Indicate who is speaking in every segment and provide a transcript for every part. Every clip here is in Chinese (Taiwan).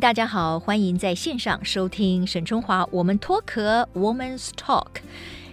Speaker 1: 大家好，歡迎在線上收聽沈春華。我們脫殼 woman's talk。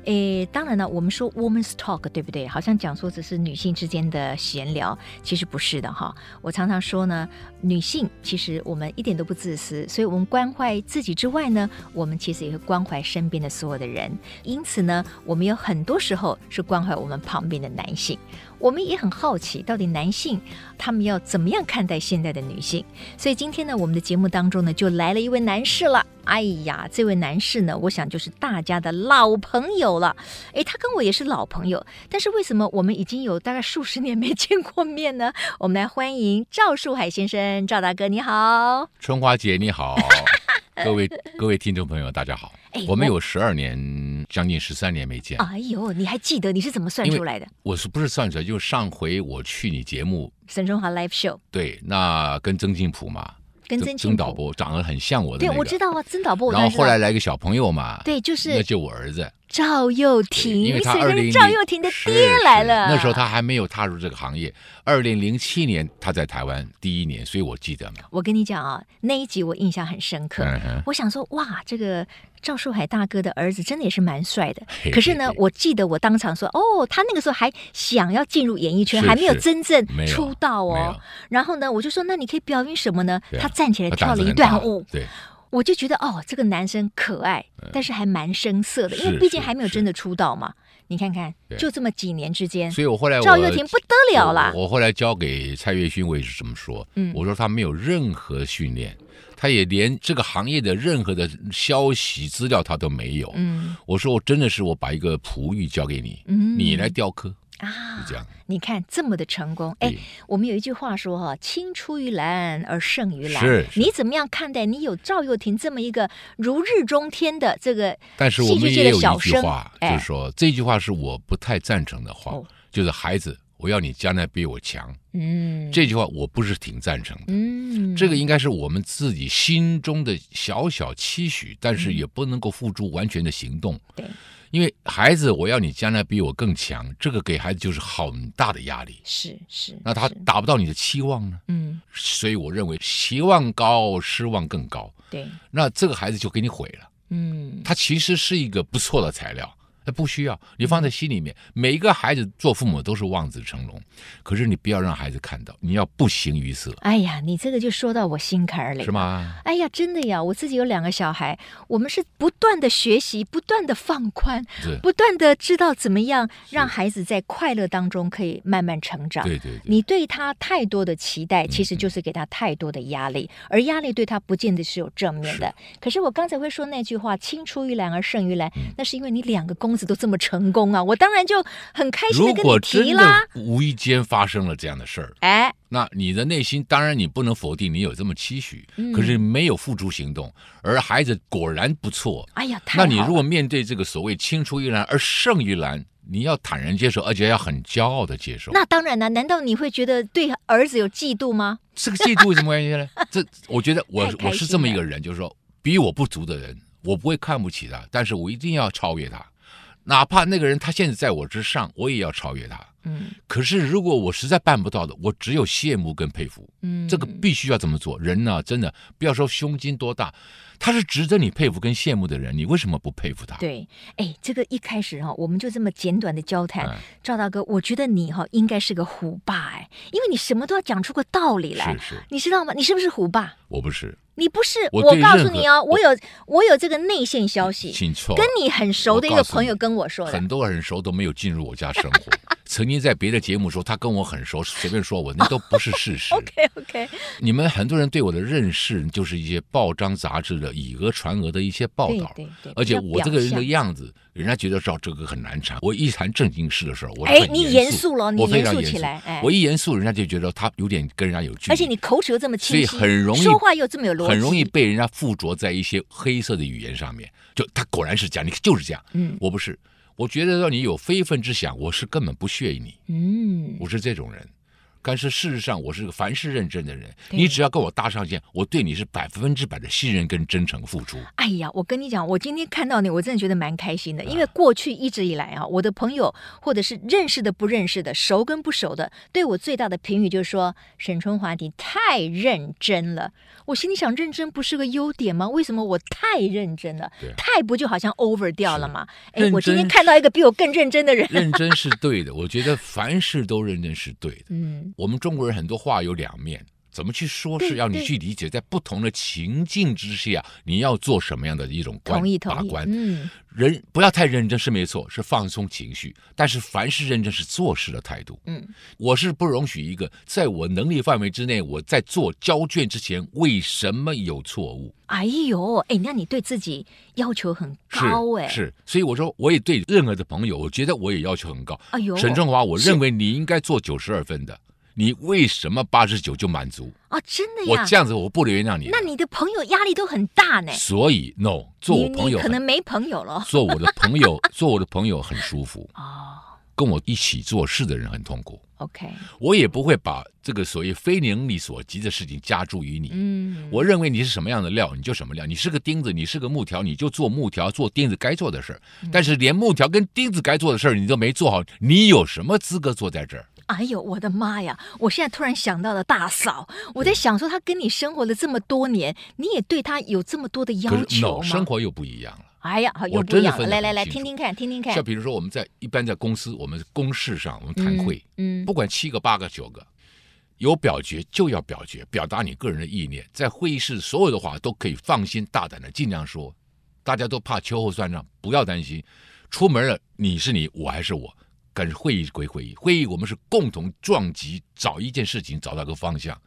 Speaker 1: 誒，當然了，我們說 woman's talk，對不對？好像講說只是女性之間的閒聊，其實不是的哈。我常常說呢，女性其實我們一點都不自私，所以我們關懷自己之外呢，我們其實也會關懷身邊的所有的人。因此呢，我們有很多時候是關懷我們旁邊的男性。我們也很好奇，到底男性他們要怎麼樣看待現代的女性？所以今天呢，我們的節目當中呢，就來了一位男士了。哎呀，這位男士呢，我想就是大家的老朋友了。哎，他跟我也是老朋友，但是為什麼我們已經有大概數十年沒見過面呢？我們來歡迎趙樹海先生，趙大哥你好，
Speaker 2: 春花姐你好。 各位各位聽眾朋友，大家好，哎、我們有十二年，將近十三年沒見。哎
Speaker 1: 呦，你還記得？你是怎麼算出來的？
Speaker 2: 我是不是算出來？就是上回我去你節目《
Speaker 1: 沈春華 Live Show》
Speaker 2: 對，那跟曾勁普嘛，跟曾經曾、曾導播長得很像。我的、那個、對，我知
Speaker 1: 道啊，曾導播我然。然後後來
Speaker 2: 來一個小朋友嘛，對，就是那就我兒子。
Speaker 1: 趙又廷，因為那個 20... 趙又廷的爹來了，是是。那時候
Speaker 2: 他還沒有踏入這個行業。二零零七年他在台灣第一年，所以我記得嗎？
Speaker 1: 我跟你講啊、哦，那一集我印象很深刻、嗯。我想說，哇，這個趙樹海大哥的兒子真的也是蠻帥的。 可是呢，我記得我當場說，哦，他那個時候還想要進入演藝圈，是是，還沒有真正出道哦。然後呢，我就說，那你可以表演什麼呢、啊？他站起來跳了一段了舞。對我就覺得哦，這個男生可愛，但是還蠻生澀的，因為畢竟還沒有真的出道嘛。是是是，你看看，就這麼幾年之間，所以，我後來我趙又廷不得了了。我
Speaker 2: 後來交給蔡岳勳，我也是這麼說。我說他沒有任何訓練。嗯，他也連這個行業的任何的消息資料他都沒有。嗯，我說我真的是我把一個璞玉交給你，嗯，你來雕刻。啊，這樣
Speaker 1: 你看這麼的成功，哎，我們有一句話說哈，“青出於藍而勝於藍”是。是，你怎麼樣看待？你有趙又廷這麼一個如日中天的這個的小……但是我們也有一句話，哎，就是說，
Speaker 2: 這句話是我不太贊成的話。哦，就是孩子，我要你將來比我強。嗯，這句話我不是挺贊成的。嗯，這個應該是我們自己心中的小小期許，嗯、但是也不能夠付諸完全的行動。嗯、對。因為孩子，我要你將來比我更強，這個給孩子就是很大的壓力。是是，是，那他達不到你的期望呢？嗯，所以我認為期望高，失望更高。對，那這個孩子就給你毀了。嗯，他其實是一個不錯的材料。那不需要你放在心裡面。每一個孩子做父母都是望子成龍，可是你不要讓孩子看到，你要不形於色。
Speaker 1: 哎呀，你這個就說到我心坎兒裡了，是嗎？哎呀，真的呀，我自己有兩個小孩，我們是不斷的學習，不斷的放寬，不斷的知道怎麼樣讓孩子在快樂當中可以慢慢成長。對，對對。你對他太多的期待，其實就是給他太多的壓力，嗯、而壓力對他不見得是有正面的。可是我剛才會說那句話“青出於藍而勝於藍”，嗯、那是因為你兩個功。公子都這麼成功啊！我當然就很開心的跟你提，如果提了
Speaker 2: 無意間發生了這樣的事兒，哎，那你的內心當然你不能否定你有這麼期許，嗯、可是沒有付諸行動。而孩子果然不錯，哎呀，那你如果面對這個所謂青出於藍而勝於藍，你要坦然接受，而且要很驕傲的接受。那
Speaker 1: 當然了，難道你會覺得對兒子有嫉妒嗎？這個嫉妒有什
Speaker 2: 麼關係呢？ 這我覺得我我是這麼一個人，就是說比我不足的人，我不會看不起他，但是我一定要超越他。哪怕那個人他現在在我之上，我也要超越他。嗯，可是如果我實在辦不到的，我只有羨慕跟佩服。嗯，這個必須要怎麼做？人呢、啊，真的不要說胸襟多大，他是值得你佩服跟羨慕的人，你為什麼不佩服他？
Speaker 1: 對，哎，這個一開始哈，我們就這麼簡短的交談、嗯，趙大哥，我覺得你哈應該是個虎爸。因為你什麼都要講出個道理來，是是你知道嗎？你是不是虎爸？
Speaker 2: 我不是，
Speaker 1: 你不是。我，我告訴你哦，我，我有我有這個內線消息、啊，跟你很熟的一個朋友跟我說的，很
Speaker 2: 多很熟都沒有進入我家生活。 曾經在別的節目說他跟我很熟，隨便說我那都不是事實。 OK
Speaker 3: OK。
Speaker 2: 你們很多人對我的認識就是一些報章雜誌的以訛傳訛的一些報道。對,對
Speaker 3: 對。而且我這個人的樣
Speaker 2: 子，人家覺得照這個很難纏、哎。我一談正經事的時候，我很嚴肅。哎，你嚴肅了，我非常嚴肅，你嚴肅起來、哎。我一嚴肅，人家就覺得他有點跟人家有距離。而
Speaker 1: 且你口齒又這麼清晰，所以很容易說話又這麼有邏輯，很容易
Speaker 2: 被人家附着在一些黑色的語言上面。就他果然是這樣，你就是這樣。嗯，我不是。我覺得讓你有非分之想，我是根本不屑於你，嗯，不是這種人。嗯但是事實上，我是個凡事認真的人。你只要跟我搭上線，我對你是百分之百的信任跟真誠付出。
Speaker 1: 哎呀，我跟你講，我今天看到你，我真的覺得蠻開心的。因為過去一直以來啊，啊我的朋友或者是認識的、不認識的、熟跟不熟的，對我最大的評語就是說：“沈春華，你太認真了。”我心裡想，認真不是個優點嗎？為什麼我太認真了？啊、太不就好像 over 掉了嗎？哎，我今天看到一個比我更認真的人，認真
Speaker 2: 是對的。 我覺得凡事都認真是對的。嗯。我們中國人很多話有兩面，怎麼去說，是要你去理解，在不同的情境之下，你要做什麼樣的一種關把關？
Speaker 3: 嗯，
Speaker 2: 人不要太認真是沒錯，是放鬆情緒。但是凡事認真是做事的態度。嗯，我是不容許一個在我能力範圍之內，我在做交卷之前為什麼有錯誤？
Speaker 3: 哎
Speaker 1: 呦，哎，那你對自己要求很高哎，是，
Speaker 2: 所以我說我也對任何的朋友，我覺得我也要求很高。哎呦，沈春華，我認為你應該做九十二分的。你為什麼八十九就滿足啊？
Speaker 1: 哦？真的呀？我這樣
Speaker 2: 子我不能原諒你。那
Speaker 1: 你的朋友壓力都很大呢？所
Speaker 2: 以，no，做我朋友可能
Speaker 1: 沒朋友了。 做我的朋
Speaker 2: 友，做我的朋友很舒服。哦，跟我一起做事的人很痛苦。OK，我也不會把這個所謂非能力所及的事情加諸於你。嗯，我認為你是什麼樣的料，你就什麼料。你是個釘子，你是個木條，你就做木條，做釘子該做的事兒。嗯，但是連木條跟釘子該做的事兒你都沒做好，你有什麼資格坐在這兒？
Speaker 1: 哎呦，我的媽呀！我現在突然想到了大嫂，我在想說，她跟你生活了這麼多年，你也對她有這麼多的要求嗎？No, 生
Speaker 2: 活又不一樣了。哎
Speaker 1: 呀，又不一樣了，我真的分得不清楚。來來來，聽聽看，聽聽看。就比如
Speaker 2: 說，我們在一般在公司，我們公事上，我們談會嗯，嗯，不管七個、八個、九個，有表決就要表決，表達你個人的意念。在會議室，所有的話都可以放心大膽的儘量說，大家都怕秋後算賬，不要擔心。出門了，你是你，我還是我。但是會議歸會議，會議我們是共同撞擊，找一件事情，找到個方向。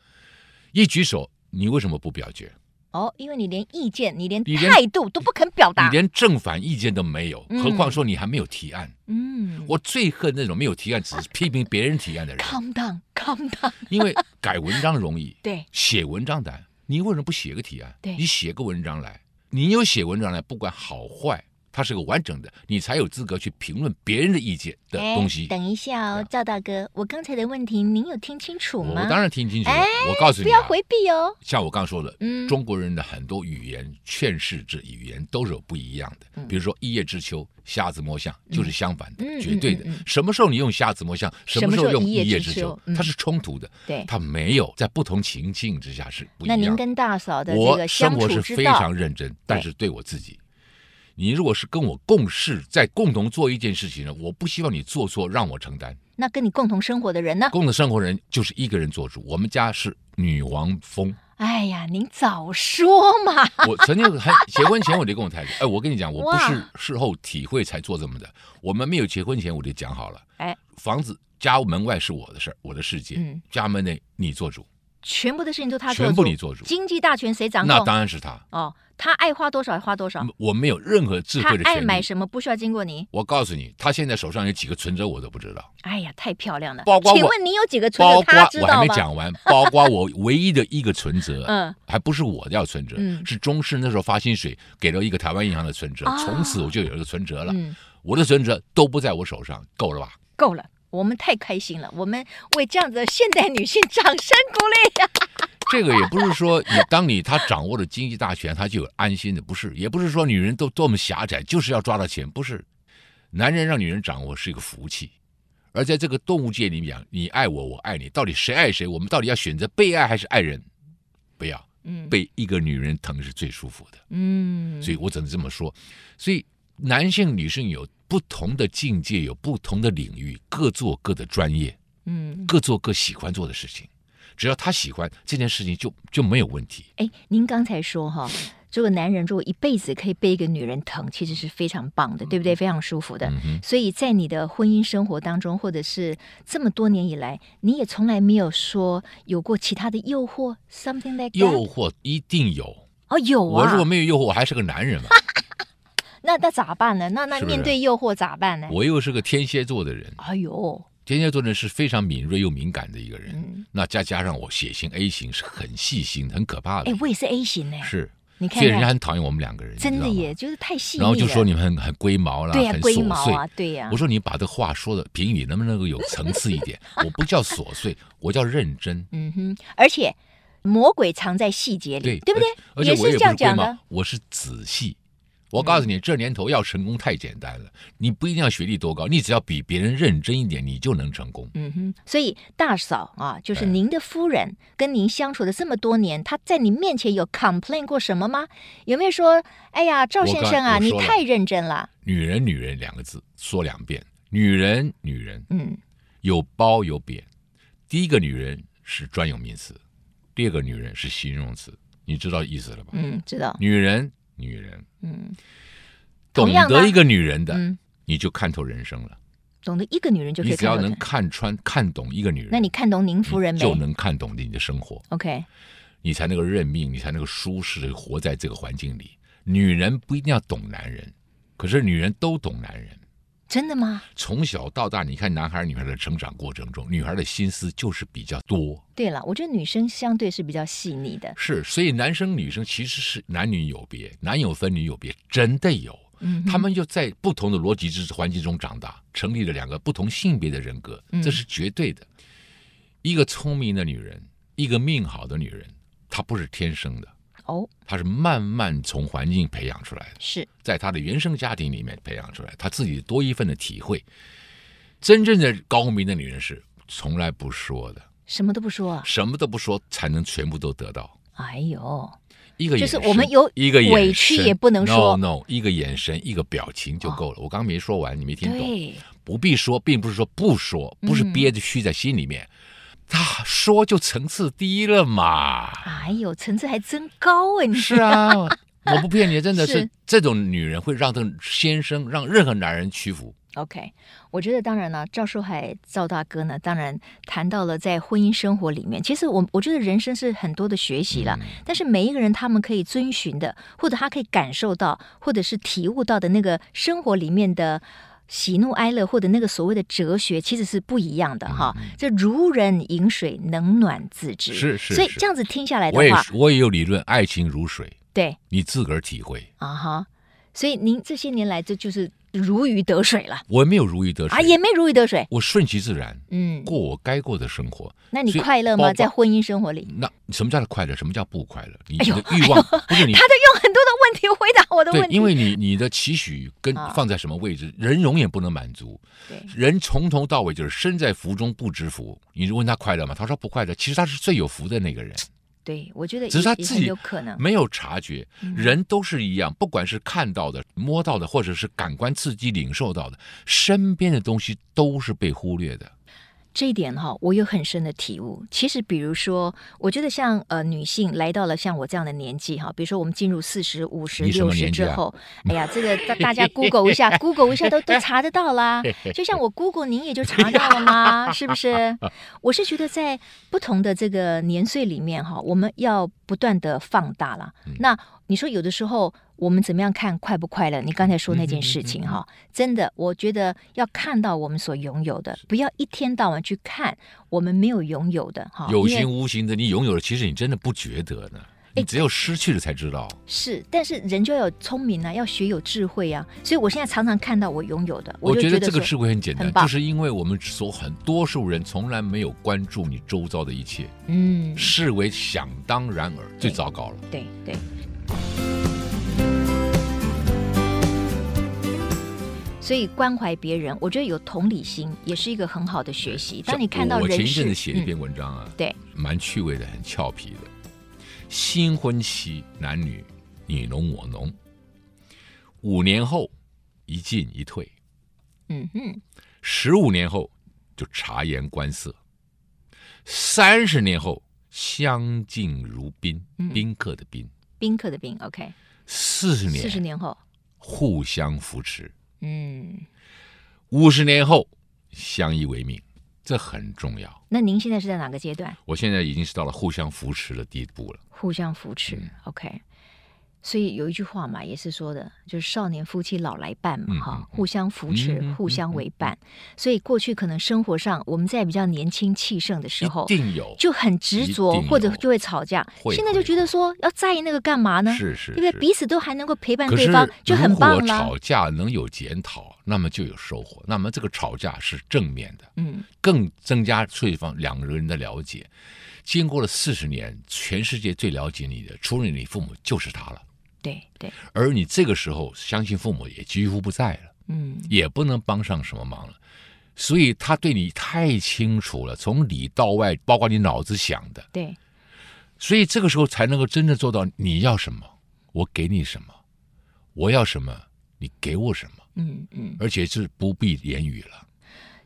Speaker 2: 一舉手，你為什麼不表決？
Speaker 1: 哦，因為你連意見，你連態度都不肯表達，哦
Speaker 2: 你，連你，連表達嗯、你連正反意見都沒有，何況說你還沒有提案。
Speaker 3: 嗯，我
Speaker 2: 最恨那種沒有提案、啊、只是批評別人提案的人。
Speaker 3: 啊、Come down，come down。
Speaker 2: 因為改文章容易， 對，寫文章難。你為什麼不寫個提案？對，你寫個文章來，你有寫文章來，不管好壞。它是個完整的，你才有資格去評論別人的意見的東西。等
Speaker 1: 一下哦，趙大哥，我剛才的問題您有聽清楚嗎、嗯？我當然
Speaker 2: 聽清楚了。了。我告訴你、啊，不要迴避哦。像我剛說的，嗯，中國人的很多語言勸世之語言都是有不一樣的。嗯、比如說“一葉知秋”“瞎子摸象”，嗯、就是相反的，嗯、絕對的。什麼時候你用“瞎子摸象”，什麼時候用一葉知秋、嗯，它是衝突的。對，它沒有在不同情境之下是不一樣的。那您跟
Speaker 1: 大嫂的相處之道，我生活是非常
Speaker 2: 認真，但是對我自己。你如果是跟我共事，在共同做一件事情呢，我不希望你做錯讓我承擔。那跟你共同生活的人呢？共同生活人就是一個人做主。我們家是女王蜂。
Speaker 1: 哎呀，您早說嘛！我
Speaker 2: 曾經還結婚前我就跟我太太， 哎，我跟你講，我不是事後體會才做這麼的。我們沒有結婚前我就講好了，哎，房子家門外是我的事兒，我的世界，嗯，家門內你做主。
Speaker 1: 全部的事情都他做主，全部你做主，經濟大權誰掌控？那當然是他哦，他愛花多少花多少，
Speaker 2: 我沒有任何智慧的權力。他愛買什
Speaker 1: 麼不需要，經過你。
Speaker 2: 我告訴你，他現在手上有幾個存折我都不知道。
Speaker 1: 哎呀，太漂亮了！包括請問你有幾個存折？他知道嗎？包括我還沒
Speaker 2: 講完， 包括我唯一的一個存折，嗯， 還不是我的要存折，嗯、是中視那時候發薪水給了一個台灣銀行的存折，哦、從此我就有一個存折了、嗯。我的存折都不在我手上，夠了吧？
Speaker 1: 夠了。我們太開心了，我們為這樣的現代女性掌聲鼓勵啊。
Speaker 2: 這個也不是說，你當你她掌握了經濟大權，她就有安心的，不是？也不是說女人都多麼狹窄，就是要抓到錢，不是？男人讓女人掌握是一個福氣，而在這個動物界裡面，你愛我，我愛你，到底誰愛誰？我們到底要選擇被愛還是愛人？不要，被一個女人疼是最舒服的，嗯，所以我只能這麼說，所以。男性、女性有不同的境界，有不同的領域，各做各的專業，嗯，
Speaker 1: 各
Speaker 2: 做各喜歡做的事情。只要他喜歡這件事情就，就就沒有問題。
Speaker 1: 哎、欸，您剛才說哈，如果男人如果一輩子可以被一個女人疼，其實是非常棒的，對不對？非常舒服的、嗯。所以在你的婚姻生活當中，或者是這麼多年以來，你也從來沒有說有過其他的誘惑？something like that 誘
Speaker 2: 惑一定有
Speaker 1: 哦，有啊。我如果
Speaker 2: 沒有誘惑，我還是個男人嘛
Speaker 1: 那那咋辦呢？那那面對誘惑咋辦呢？是是我
Speaker 2: 又是個天蠍座的人。
Speaker 1: 哎呦，
Speaker 2: 天蠍座的人是非常敏銳又敏感的一個人。嗯、那加加上我血型 A 型，是很細心，很可怕的。哎，
Speaker 1: 我也是 A 型呢。是，你看，看，所以人家很
Speaker 2: 討厭我們兩個人，真
Speaker 1: 的耶，就是太細。然後就說你
Speaker 2: 們很很龜毛，啊，對呀，啊，很瑣碎，啊、對呀、啊。我說你把這話說的評語能不能夠有層次一點？ 我不叫瑣碎， 我叫認真。嗯
Speaker 1: 哼，而且魔鬼藏在細節裡，對，對不對而？而且我也不是龜毛，也是這樣講，
Speaker 2: 我是仔細。我告訴你、嗯，這年頭要成功太簡單了，你不一定要學歷多高，你只要比別人認真一點，你就能成功。嗯
Speaker 1: 哼，所以大嫂啊，就是您的夫人，跟您相處的這麼多年、嗯，她在你面前有 complain 過什麼嗎？有沒有說，哎呀，趙先生啊，剛剛你太認真了。
Speaker 2: 女人，女人兩個字說兩遍，女人，女人。嗯，有褒有貶。第一個女人是專有名詞，第二個女人是形容詞，你知道意思了吧？嗯，知道。女人。女人，嗯，懂得一個女人的、嗯嗯，你就看透人生了。
Speaker 1: 懂得一個女人，就可以人，就你只要能
Speaker 2: 看穿、看懂一個女人，
Speaker 1: 那你看懂您夫人、嗯，就
Speaker 2: 能看懂你的生活。OK，你才能夠認命，你才能夠舒適的活在這個環境裡。女人不一定要懂男人，可是女人都懂男人。真的嗎？從小到大，你看男孩女孩的成長過程中，女孩的心思就是比較多。
Speaker 1: 對了，我覺得女生相對是比較細膩的。
Speaker 2: 是，所以男生女生其實是男女有別，男有分，女有別，真的有。嗯，他們就在不同的邏輯知識環境中長大，成立了兩個不同性別的人格，這是絕對的。嗯，一個聰明的女人，一個命好的女人，她不是天生的。哦，他是慢慢從環境培養出來的，是在他的原生家庭裡面培養出來，他自己多一份的體會。真正的高明的女人是從來不說的，什麼都不說啊，什麼都不說才能全部都得到。
Speaker 3: 哎呦，一個眼神就是我們有一個委屈也不能說，也不能
Speaker 2: 說 no，no，一個眼神一個表情就夠了。哦，我剛剛沒說完，你沒聽懂，不必說，並不是說不說，不是憋着蓄在心裡面。嗯他說就層次低了嘛？
Speaker 1: 哎呦，層次還真高哎！你是啊，
Speaker 2: 我不騙你，真的是，是這種女人會讓她先生讓任何男人屈服。
Speaker 1: OK，我覺得當然呢，趙樹海趙大哥呢，當然談到了在婚姻生活裡面，其實我我覺得人生是很多的學習了、嗯，但是每一個人他們可以遵循的，或者他可以感受到，或者是體悟到的那個生活裡面的。喜怒哀樂或者那個所謂的哲學其實是不一樣的哈，這、嗯哦，如人飲水，冷暖
Speaker 2: 自知。是，是是，所以這樣子聽
Speaker 1: 下來的話我，
Speaker 2: 我也有理論，愛情如水。對，你自個兒體會
Speaker 1: 啊哈。所以您這些年來這就，就是如魚得水了。
Speaker 2: 我也沒有如魚得水，啊，也
Speaker 1: 沒如魚得水，
Speaker 2: 我順其自然，嗯，過我該過的生活。那你快樂嗎？在
Speaker 1: 婚姻生活裡？那
Speaker 2: 什麼叫做快樂？什麼叫不快樂？你、哎、你有欲望，哎、不是你、哎、他在
Speaker 1: 用很多。問題，回答我的問題。對，因為你
Speaker 2: 你的期許跟放在什麼位置，啊、人永遠不能滿足。對，人從頭到尾就是身在福中不知福。你就問他快樂嗎？他說他不快樂。其實他是最有福的那個人。
Speaker 1: 對，我覺得只是他自己有可能沒有
Speaker 2: 察覺、嗯。人都是一樣，不管是看到的、摸到的，或者是感官刺激、領受到的，身邊的東西都是被忽略的。
Speaker 1: 這一點哈，我有很深的體悟。其實，比如說，我覺得像呃，女性來到了像我這樣的年紀哈，比如說我們進入四十五十、六十之後、啊，哎呀，這個大大家 Google 一下 ，Google 一下都都查得到啦。就像我 Google，您 也就查到了嗎？是不是？我是覺得在不同的這個年歲裡面哈，我們要不斷的放大了、嗯、那。你說有的時候我們怎麼樣看快不快樂？你剛才說那件事情哈、嗯嗯嗯，真的，我覺得要看到我們所擁有的，不要一天到晚去看我們沒有擁有的哈。有形無
Speaker 2: 形的，你擁有了，其實你真的不覺得呢、哎，你只有失去了才知道。
Speaker 1: 是，但是人就要有聰明啊，要學有智慧啊。所以我現在常常看到我擁有的，我，覺得，我覺得這個智慧很簡
Speaker 2: 單，就是因為我們說，很多數人從來沒有關注你周遭的一切，嗯，視為想當然耳，最糟糕了。對對。對。
Speaker 1: 所以關懷別人，我覺得有同理心也是一個很好的學習。當你看到是我前一陣子寫一篇文章啊、嗯，對，
Speaker 2: 蠻趣味的，很俏皮的。新婚期男女你儂我儂，五年後一進一退，嗯
Speaker 3: 哼，
Speaker 2: 十五年後就察言觀色，三十年後相敬如賓，賓客的賓。嗯
Speaker 1: 賓客的賓，OK。
Speaker 2: 四十年，四十
Speaker 1: 年後互
Speaker 2: 相扶持，
Speaker 1: 嗯，
Speaker 2: 五十年後相依為命，這很重要。
Speaker 1: 那您現在是在哪個階段？
Speaker 2: 我現在已經是到了互相扶持的地步了。
Speaker 1: 互相扶持，嗯，OK。所以有一句話嘛，也是說的，就是少年夫妻老來伴嘛，嗯、哈，互相扶持，嗯、互相為伴，伴、嗯嗯嗯。所以過去可能生活上我們在比較年輕氣盛的時候，一定有就很
Speaker 2: 執着或
Speaker 1: 者就會吵架。現在就覺得說要在意那個幹嘛呢？是，是是，對不對？彼此都還能夠陪伴對方，就很棒了。如果
Speaker 2: 吵架能有檢討，那麼就有收穫。那麼這個吵架是正面的，嗯，更增加對方兩個人的了解。經過了四十年，全世界最了解你的，除了你父母，就是他了。對對，而你這個時候相信父母也幾乎不在了，嗯，也不能幫上什麼忙了，所以他對你太清楚了，從裡到外，包括你腦子想的，對，所以這個時候才能夠真正做到你要什麼我給你什麼，我要什麼你給我什麼，嗯嗯，而且是不必言語
Speaker 1: 了，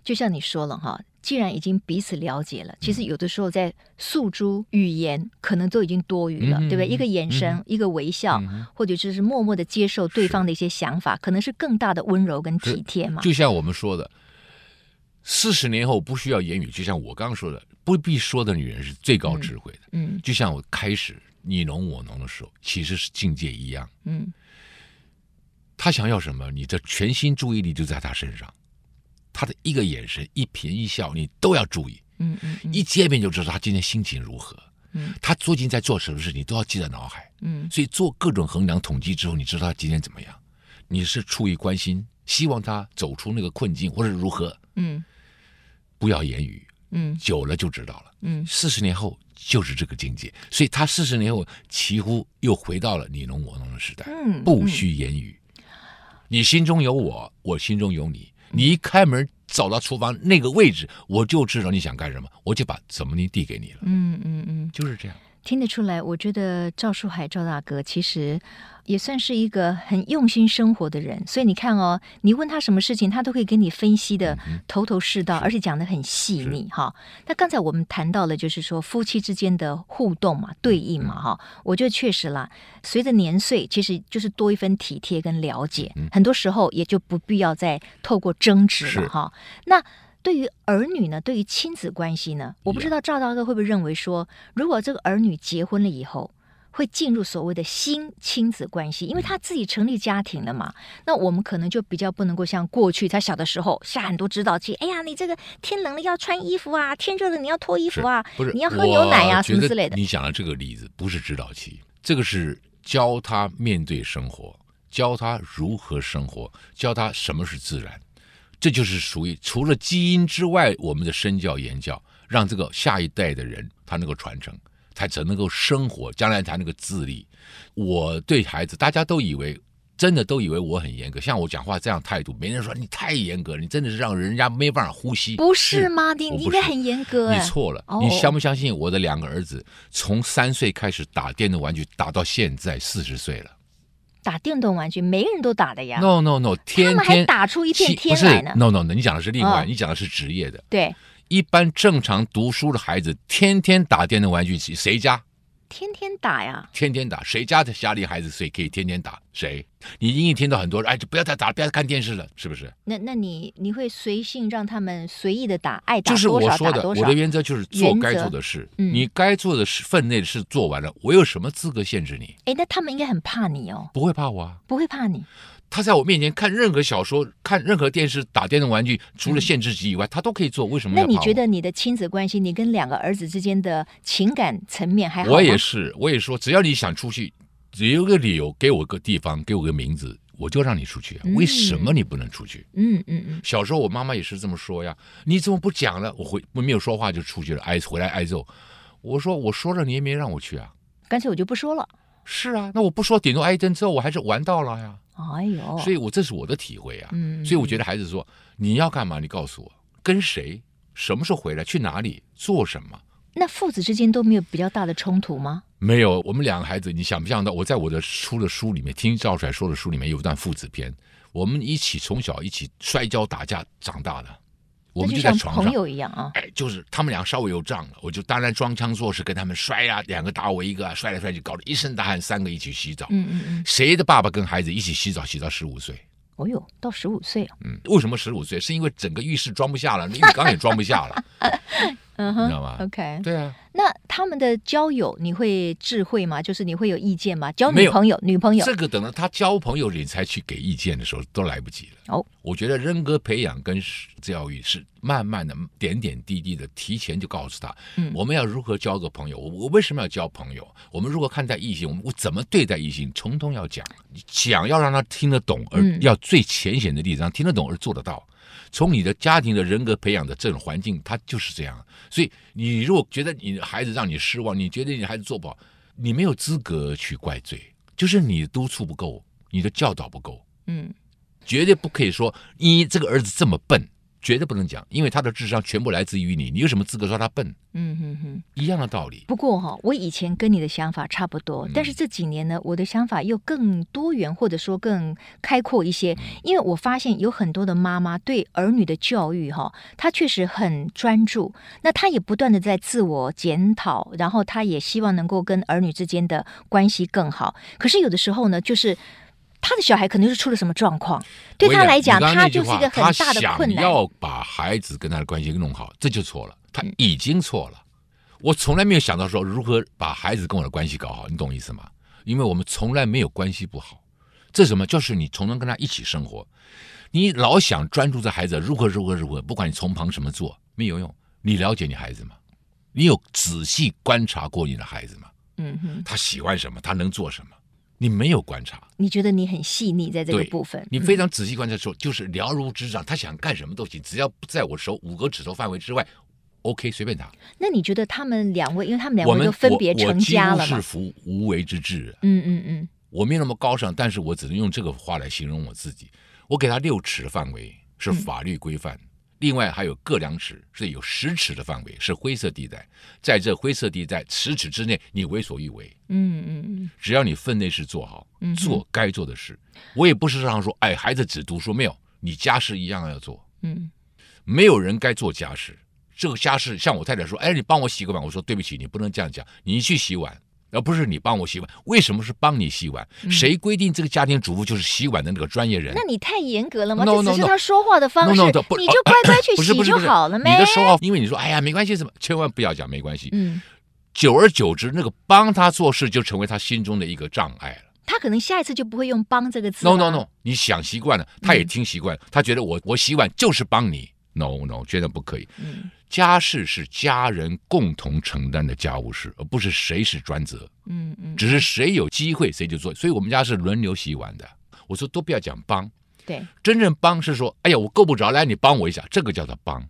Speaker 1: 就像你說了哈。既然已經彼此了解了，其實有的時候在訴諸語言，可能都已經多餘了、嗯，對不對？一個眼神，嗯、一個微笑、嗯，或者就是默默的接受對方的一些想法，可能是更大的溫柔跟體貼嘛。就
Speaker 2: 像我們說的，四十年後不需要言語，就像我剛剛說的，不必說的女人是最高智慧的。嗯，就像我開始你儂我儂的時候，其實是境界一樣。嗯，他想要什麼，你的全心注意力就在他身上。他的一個眼神、一顰一笑，你都要注意、嗯
Speaker 3: 嗯嗯。一
Speaker 2: 見面就知道他今天心情如何。嗯、他最近在做什麼事，你都要記在腦海、嗯。所以做各種衡量統計之後，你知道他今天怎麼樣？你是出於關心，希望他走出那個困境，或者如何、
Speaker 3: 嗯？不要言語、嗯。
Speaker 2: 久了就知道了。四、嗯、十年後就是這個境界。所以他四十年後幾乎又回到了你儂我儂的時代、嗯嗯。不需言語，你心中有我，我心中有你。你一開門走到廚房那個位置，我就知道你想幹什麼，我就把怎麼的遞給你了。嗯
Speaker 3: 嗯嗯，就是
Speaker 2: 這樣。
Speaker 1: 聽得出來，我覺得趙樹海趙大哥其實也算是一個很用心生活的人，所以你看哦，你問他什麼事情，他都可以跟你分析的頭頭是道。嗯，而且講的很細膩哈。哦。那剛才我們談到了，就是說夫妻之間的互動嘛，嗯、對應嘛哈、嗯，我覺得確實啦，隨着年歲，其實就是多一份體貼跟了解。嗯，很多時候也就不必要再透過爭執了哈。哦。那對於兒女呢，對於親子關係呢，我不知道趙大哥會不會認為說，如果這個兒女結婚了以後，會進入所謂的新親子關係，因為他自己成立家庭了嘛。嗯、那我們可能就比較不能夠像過去他小的時候下很多指導棋。哎呀，你這個天冷了要穿衣服啊，天熱了你要脫衣服啊，是不是你要喝牛奶啊什麼之類的。你
Speaker 2: 講的這個例子不是指導棋，這個是教他面對生活，教他如何生活，教他什麼是自然。這就是屬於除了基因之外，我們的身教言教，讓這個下一代的人他能夠傳承，他只能夠生活，將來他那個自立。我對孩子，大家都以為真的都以為我很嚴格，像我講話這樣態度，沒人說你太嚴格，你真的是讓人家沒辦法呼吸，不是嗎？是，我不是，你應該很
Speaker 1: 嚴格，你錯
Speaker 2: 了，你相不相信我的兩個兒子從三歲開始打電動玩具，打到現在四十歲了。
Speaker 1: 打電動玩具，每個人都打的呀。No
Speaker 2: no no，天天打出一片天來呢不是。No no no，你講的是另外、哦，你講的是職業的。對，一般正常讀書的孩子，天天打電動玩具去，誰家？
Speaker 1: 天天打呀，
Speaker 2: 天天打，誰家的家裡孩子誰可以天天打誰？你已經聽到很多人，哎，就不要再打了，不要再看電視了，是不是？
Speaker 1: 那那你你會隨性讓他們隨意的打，愛打多少打多少？就是我說的，我的原則就是做該做的事，你
Speaker 2: 該做的事分內的事做完了，嗯，我有什麼資格限制你？
Speaker 1: 哎，那他們應該很怕你哦。
Speaker 2: 不會怕我啊，
Speaker 1: 不會怕你。
Speaker 2: 他在我面前看任何小說，看任何電視，打電動玩具，除了限制級以外，嗯，他都可以做。為什麼？那你覺
Speaker 1: 得你的親子關係，你跟兩個兒子之間的情感層面還好？我也
Speaker 2: 是，我也說，只要你想出去，只有一個理由，給我個地方，給我個名字，我就讓你出去啊，嗯。為什麼你不能出去？
Speaker 3: 嗯嗯嗯。
Speaker 2: 小時候我媽媽也是這麼說呀。你怎麼不講了？我回我沒有說話就出去了，挨回來挨揍。我說我說了，你也沒讓我去啊。
Speaker 1: 乾脆我就不說了。是啊，
Speaker 2: 那我不說，頂多挨一頓之後，我還是玩到了呀。
Speaker 1: 哎呦，所以，
Speaker 2: 我這是我的體會啊。所以我覺得，孩子說你要幹嘛？你告訴我，跟誰，什麼時候回來，去哪裡，做什麼。
Speaker 1: 那父子之間都沒有比較大的衝突嗎？
Speaker 2: 沒有，我們兩個孩子，你想不想到我在我的書的書裡面，聽趙樹海說的書裡面有一段父子篇，我們一起從小一起摔跤打架長大的。我們就在床上就像朋友一樣啊，哎、就是他們倆稍微有仗了，我就當然裝腔作勢跟他們摔啊，兩個打我一個，啊，摔來摔去，搞得一身大汗，三個一起洗澡嗯嗯。誰的爸爸跟孩子一起洗澡，洗到十五歲？哦喲，到十五歲啊！嗯，為什麼十五歲？是因為整個浴室裝不下了，浴缸也裝不下了。
Speaker 1: 嗯哼，你知道嗎？OK，對啊。那他們的交友，你會智慧嗎？就是你會有意見嗎？交女朋友，女朋友這個
Speaker 2: 等到他交朋友，你才去給意見的時候，都來不及了。哦，我覺得人格培養跟教育是慢慢的、點點滴滴的，提前就告訴他，嗯，我們要如何交個朋友？我我為什麼要交朋友？我們如何看待異性？我們怎麼對待異性？從頭要講，講要讓他聽得懂，而要最淺顯的例子、嗯、聽得懂而做得到。從你的家庭的人格培養的這種環境，他就是這樣。所以，你如果覺得你的孩子讓你失望，你覺得你孩子做不好，你沒有資格去怪罪，就是你督促不夠，你的教導不夠。嗯，絕對不可以說你這個兒子這麼笨。絕對不能講，因為他的智商全部來自於你，你有什麼資格說他笨？嗯嗯嗯，一樣的道理。
Speaker 1: 不過哈，我以前跟你的想法差不多，但是這幾年呢，我的想法又更多元，或者說更開闊一些，因為我發現有很多的媽媽對兒女的教育哈，她確實很專注，那她也不斷的在自我檢討，然後她也希望能夠跟兒女之間的關係更好。可是有的時候呢，就是。他的小孩肯定是出了什麼狀況？對他來講，講他就是一個很大的困難。剛剛他要
Speaker 2: 把孩子跟他的關係弄好，這就錯了。他已經錯了。我從來沒有想到說如何把孩子跟我的關係搞好，你懂我意思嗎？因為我們從來沒有關係不好。這是什麼？就是你從中跟他一起生活，你老想專注在孩子如何如何如何，不管你從旁什麼做沒有用。你了解你孩子嗎？你有仔細觀察過你的孩子嗎？嗯
Speaker 3: 哼，
Speaker 2: 他喜歡什麼？他能做什麼？你沒有觀察，
Speaker 1: 你覺得你很細膩。在這個部分，你非
Speaker 2: 常仔細觀察的時候，就是了如指掌。他想幹什麼都行，只要不在我手五個指頭範圍之外，OK，隨便他。
Speaker 1: 那你覺得他們兩位，因為
Speaker 3: 他們兩位都分別成家了嘛？我，我幾乎是福
Speaker 2: 無為之治。嗯嗯
Speaker 3: 嗯，
Speaker 2: 我沒有那麼高尚，但是我只能用這個話來形容我自己。我給他六尺範圍是法律規範。嗯另外還有各兩尺，是有十尺的範圍是灰色地帶，在這灰色地帶十尺之內，你為所欲為。
Speaker 3: 嗯嗯嗯，
Speaker 2: 只要你分內事做好，做該做的事，嗯、我也不是常說，哎，孩子只讀書沒有，你家事一樣要做。嗯，沒有人該做家事，這個家事像我太太說，哎，你幫我洗個碗，我說，對不起，你不能這樣講，你去洗碗。而不是你幫我洗碗，為什麼是幫你洗碗、嗯？誰規定這個家庭主婦就是洗碗的那個專業人？那
Speaker 1: 你太嚴格了嗎？no, no, no, 這、這只是他說話的方式。No, no, no, no, 你就乖乖，乖、啊、去洗就好了唄。你的時
Speaker 2: 候，因為你說“哎呀，沒關係”什麼，千萬不要講“沒關係”。嗯，久而久之，那個幫他做事就成為他心中的一個障礙了。
Speaker 1: 他可能下一次就不會用“幫”這個詞。no no no，
Speaker 2: 你想習慣了，他也聽習慣了、嗯，他覺得我我洗碗就是幫你，no no，絕對不可以。嗯。家事是家人共同承擔的家務事，而不是誰是專責。嗯嗯,只是誰有機會誰就做。所以我們家是輪流洗碗的。我說都不要講幫，對，真正幫是說，哎呀，我夠不着，來你幫我一下，這個叫做幫。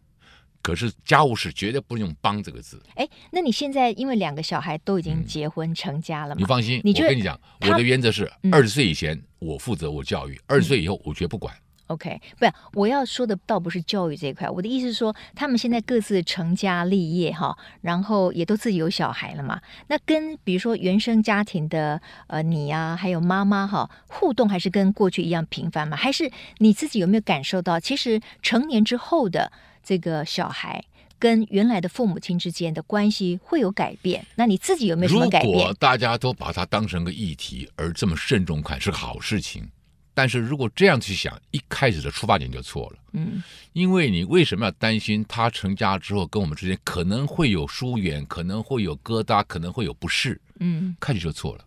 Speaker 2: 可是家務事絕對不用幫這個字。
Speaker 1: 哎，那你現在因為兩個小孩都已經結婚成家了嗎？嗯，你放心，我跟你講，你我的原
Speaker 2: 則是二十歲以前我負責我教育，嗯，二十歲以後我絕不管。
Speaker 1: OK，不，我要說的倒不是教育這一塊。我的意思是說，他們現在各自成家立業哈，然後也都自己有小孩了嘛。那跟比如說原生家庭的呃你啊，還有媽媽哈互動，還是跟過去一樣頻繁嗎？還是你自己有沒有感受到，其實成年之後的這個小孩跟原來的父母親之間的關係會有改變？那你自己有沒有什麼改變？如果
Speaker 2: 大家都把它當成個議題而這麼慎重看，是好事情。但是，如果這樣去想，一開始的出發點就錯了。嗯，因為你為什麼要擔心他成家之後跟我們之間可能會有疏遠，可能會有疙瘩，可能會有，可能會有不適？嗯，開始就錯了。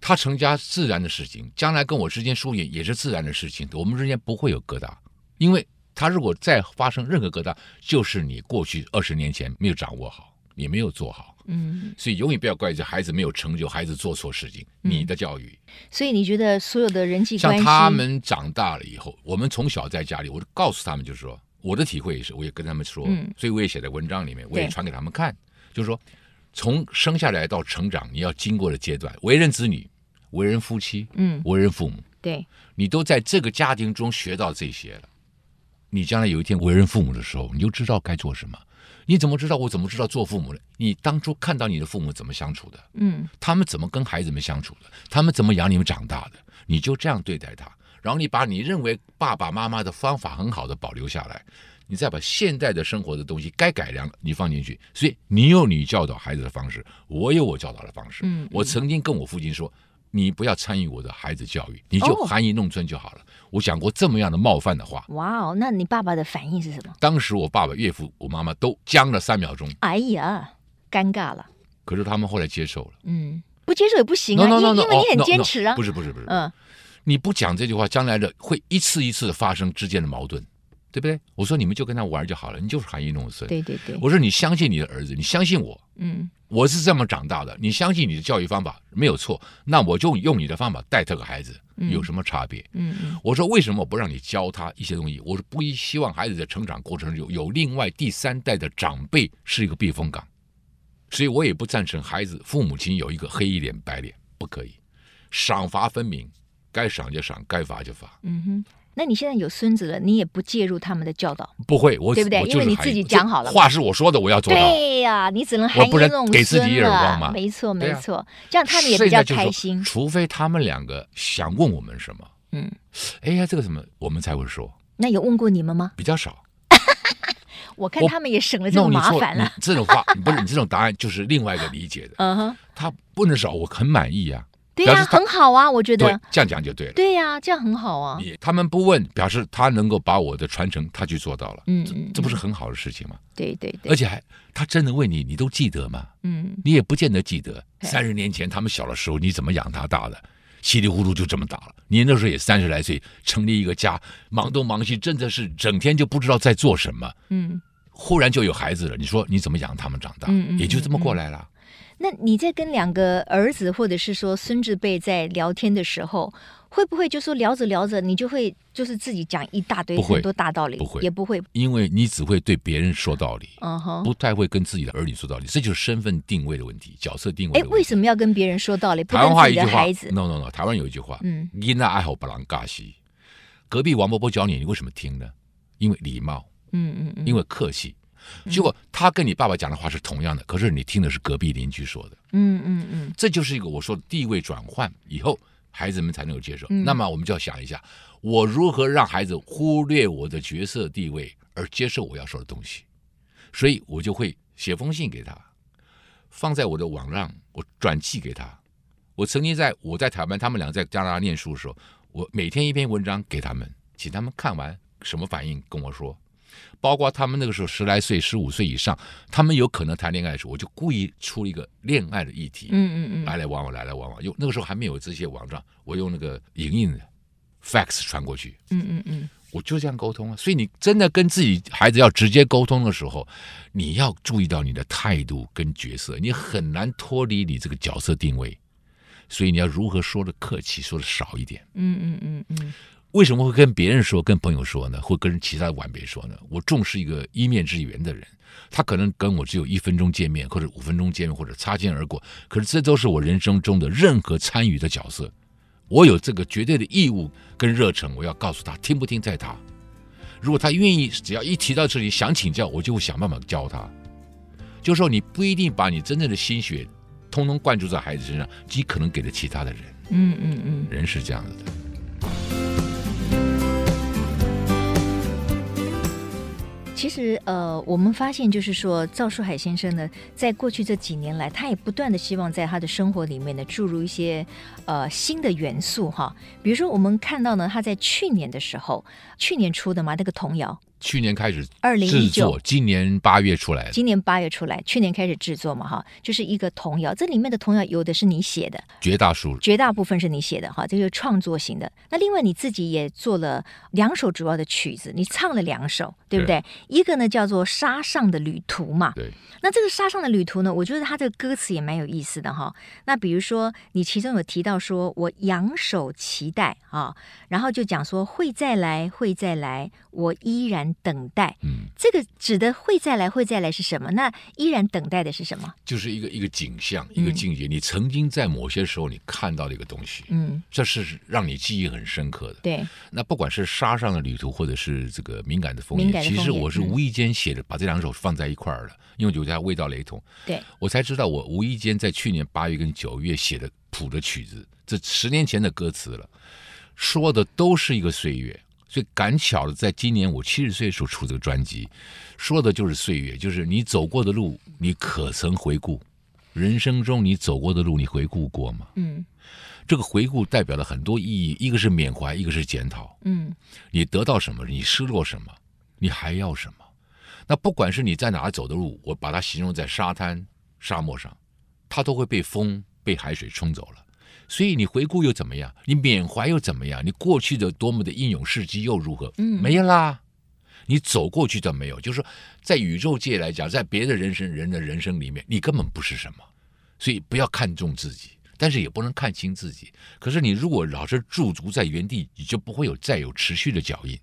Speaker 2: 他成家自然的事情，將來跟我之間疏遠也是自然的事情。我們之間不會有疙瘩，因為他如果再發生任何疙瘩，就是你過去二十年前沒有掌握好，也沒有做好。嗯，所以永遠不要怪這孩子沒有成就，孩子做錯事情、嗯，你的教育。
Speaker 1: 所以你覺得所有的人際關係，像他們
Speaker 2: 長大了以後，我們從小在家裡，我就告訴他們，就是說，我的體會也是，我也跟他們說、嗯，所以我也寫在文章裡面，我也傳給他們看，就是說，從生下來到成長，你要經過的階段，為人子女，為人夫妻，嗯，為人父母，對，你都在這個家庭中學到這些了，你將來有一天為人父母的時候，你就知道該做什麼。你怎麼知道？我怎麼知道做父母的？你當初看到你的父母怎麼相處的？嗯，他們怎麼跟孩子們相處的？他們怎麼養你們長大的？你就這樣對待他，然後你把你認為爸爸媽媽的方法很好的保留下來，你再把現代的生活的東西該改良你放進去。所以你有你教導孩子的方式，我有我教導的方式。嗯，我曾經跟我父親說。你不要參與我的孩子教育，你就含饴弄孫就好了、哦。我講過這麼樣的冒犯的話，
Speaker 1: 哇哦！那你爸爸的反應
Speaker 2: 是什麼？當時我爸爸、岳父、我媽媽都僵了三秒鐘，
Speaker 1: 哎呀，尷尬了。
Speaker 2: 可是他們後來接受了，
Speaker 1: 嗯，不接受也不行啊，no, no, no, no, 因因為你很堅持啊，哦、no, no, no, 不是不是不是，嗯，
Speaker 2: 你不講這句話，將來的會一次一次發生之間的矛盾。對不對？我說你們就跟他玩就好了，你就是含飴弄孫，對對對。我說你相信你的兒子，你相信我。
Speaker 3: 嗯。
Speaker 2: 我是這麼長大的，你相信你的教育方法沒有錯，那我就用你的方法帶這個孩子，嗯，有什麼差別？嗯，嗯。我說，為什麼我不讓你教他一些東西？我是不希望孩子在成長過程中有，有另外第三代的長輩是一個避風港，所以我也不贊成孩子父母親有一個黑一臉白臉，不可以，賞罰分明，該賞就賞，該罰就罰。嗯
Speaker 1: 哼。那你現在有孫子了，你也不介入他們的教導？
Speaker 2: 不會，我對不對我？因為你自己講好了，話是我說的，我要做到。對
Speaker 1: 呀、啊，你只能還不能給自己一耳光嘛，沒錯沒錯、啊。這樣他們也比較開心。
Speaker 2: 除非他們兩個想問我們什麼，嗯，哎呀，這個什麼，我們才會說。
Speaker 1: 那有問過你們嗎？
Speaker 2: 比較少。
Speaker 1: 我看他們也省了這種麻煩了。這種話 不是
Speaker 2: 你這種答案，就是另外一個理解的。嗯哼，他問的少，我很滿意呀、啊。對呀、啊，很
Speaker 1: 好啊，我覺得
Speaker 2: 這樣講就對了，對
Speaker 1: 呀、啊，這樣很好啊。
Speaker 2: 他們不問，表示他能夠把我的傳承，他去做到了。嗯這，這不是很好的事情嗎？嗯嗯、對對對。而且還他真的問你，你都記得嗎？嗯，你也不見得記得。三十年前他們小的時候，你怎麼養他大的？稀里糊塗就這麼大了。你那時候也三十來歲，成立一個家，忙東忙西，真的是整天就不知道在做什麼。嗯。忽然就有孩子了，你說你怎麼養他們長大？嗯嗯嗯嗯。也就這麼過來了。
Speaker 1: 那你在跟兩個兒子或者是說孫子輩在聊天的時候，會不會就說聊着聊着你就會就是自己講一大堆很多大道理？不會，不會也不會，
Speaker 2: 因為你只會對別人說道理，嗯哼，不太會跟自己的兒女說道理。這就是身份定位的問題，角色定位。哎，
Speaker 1: 為什麼要跟別人說道理？台灣話一句話孩子
Speaker 2: ，No No No。台灣有一句話，嗯依娜愛好不郎嘎西，隔壁王伯伯教你，你為什麼聽呢？因為禮貌。嗯嗯嗯，因為客氣，結果他跟你爸爸講的話是同樣的，可是你聽的是隔壁鄰居說的。嗯
Speaker 3: 嗯
Speaker 2: 嗯，這就是一個我說的地位轉換以後，孩子們才能夠接受。嗯。那麼我們就要想一下，我如何讓孩子忽略我的角色地位而接受我要說的東西。所以我就會寫封信給他，放在我的網上，我轉寄給他。我曾經在我在台灣，他們倆在加拿大念書的時候，我每天一篇文章給他們，請他們看完什麼反應跟我說。包括他們那個時候十來歲、十五歲以上，他們有可能談戀愛的時候，我就故意出一個戀愛的議題，嗯嗯嗯，來來往往，來來往往。用那個時候還沒有這些網站，我用那個影印的 fax 傳過去，嗯
Speaker 3: 嗯
Speaker 2: 嗯，我就這樣溝通啊。所以你真的跟自己孩子要直接溝通的時候，你要注意到你的態度跟角色，你很難脫離你這個角色定位。所以你要如何說的客氣，說的少一點。
Speaker 3: 嗯嗯嗯
Speaker 2: 嗯。為什麼會跟別人說、跟朋友說呢？或跟其他的晚輩說呢？我重視一個一面之緣的人，他可能跟我只有一分鐘見面，或者五分鐘見面，或者擦肩而過。可是這都是我人生中的任何參與的角色。我有這個絕對的義務跟熱忱，我要告訴他，聽不聽在他。如果他願意，只要一提到這裡想請教，我就會想辦法教他。就是說，你不一定把你真正的心血通通灌注在孩子身上，極可能給了其他的人。嗯嗯嗯，人是這樣子的。
Speaker 1: 其實，呃，我們發現，就是說，趙樹海先生呢，在過去這幾年來，他也不斷的希望在他的生活裡面呢，注入一些呃新的元素哈。比如說，我們看到呢，他在去年的時候，去年出的嘛，那個童謠。
Speaker 2: 去年開始制作，2019, 今年八月出來。今
Speaker 1: 年八月出來，去年開始制作嘛，哈，就是一個童謠。這裡面的童謠，有的是你寫的，
Speaker 2: 絕大多數、絕
Speaker 1: 大部分是你寫的，哈，這個創作型的。那另外你自己也做了兩首主要的曲子，你唱了兩首，對不對？一個呢叫做《沙上的旅途》嘛，對。那這個《沙上的旅途》呢，我覺得它這個歌詞也蠻有意思的哈。那比如說，你其中有提到說，我仰首期待啊，然後就講說會再來，會再來，我依然。等待，嗯，這個指的會再來會再來是什麼？嗯，那依然等待的是什麼？
Speaker 2: 就是一個一個景象，一個境界。嗯。你曾經在某些時候你看到的一個東西，嗯，這是讓你記憶很深刻的。對、嗯。那不管是沙上的旅途，或者是這個敏感的風景，其實我是無意間寫的、嗯，把這兩首放在一塊兒了，因為覺得，它味道雷同。對。我才知道，我無意間在去年八月跟九月寫的譜的曲子，這十年前的歌詞了，說的都是一個歲月。最趕巧的，在今年我七十歲時候出這個專輯，說的就是歲月，就是你走過的路，你可曾回顧？人生中你走過的路，你回顧過嗎？嗯，這個回顧代表了很多意義，一個是緬懷，一個是檢討。嗯，你得到什麼？你失落什麼？你還要什麼？那不管是你在哪兒走的路，我把它形容在沙灘、沙漠上，它都會被風、被海水沖走了。所以你回顧又怎麼樣？你緬懷又怎麼樣？你過去的多麼的英勇事跡又如何？嗯，沒啦。你走過去都沒有，就是說，在宇宙界來講，在別的人生人的人生裡面，你根本不是什麼。所以不要看重自己，但是也不能看清自己。可是你如果老是駐足在原地，你就不會有再有持續的腳印。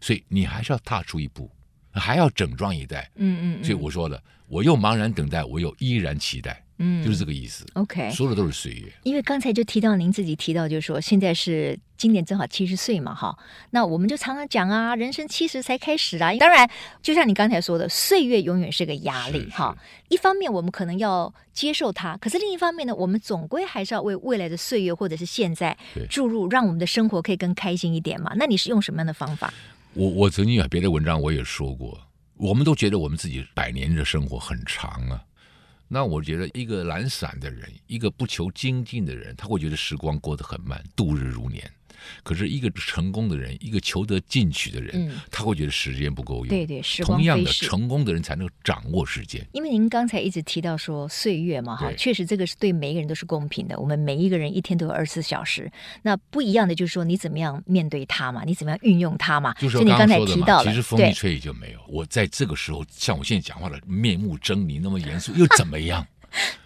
Speaker 2: 所以你還是要踏出一步，還要整裝以待。嗯，嗯嗯。所以我說的，我又茫然等待，我又依然期待。嗯，就是這個意思。OK，說的都是歲月。
Speaker 1: 因為剛才就提到您自己提到，就是說現在是今年正好七十歲嘛，哈。那我們就常常講啊，人生七十才開始啊。當然，就像你剛才說的，歲月永遠是個壓力，哈。一方面我們可能要接受它，可是另一方面呢，我們總歸還是要為未來的歲月或者是現在注入，讓我們的生活可以更開心一點嘛。那你是用什麼樣的方法？
Speaker 2: 我我曾經有別的文章我也說過，我們都覺得我們自己百年的生活很長啊。那我覺得，一個懶散的人，一個不求精進的人，他會覺得時光過得很慢，度日如年。可是，一個成功的人，一個求得進取的人，嗯，他會覺得時間不夠用。對對，同樣的，成功的人才能掌握時間。
Speaker 1: 因為您剛才一直提到說歲月嘛，哈，確實這個是對每一個人都是公平的。我們每一個人一天都有二十四小時，那不一樣的就是說你怎麼樣面對它嘛，你怎麼樣運用它嘛。就是你剛才提到了才的，其實風一吹也
Speaker 2: 就沒有。我在這個時候，像我現在講話的面目猙獰那麼嚴肅，又怎麼樣？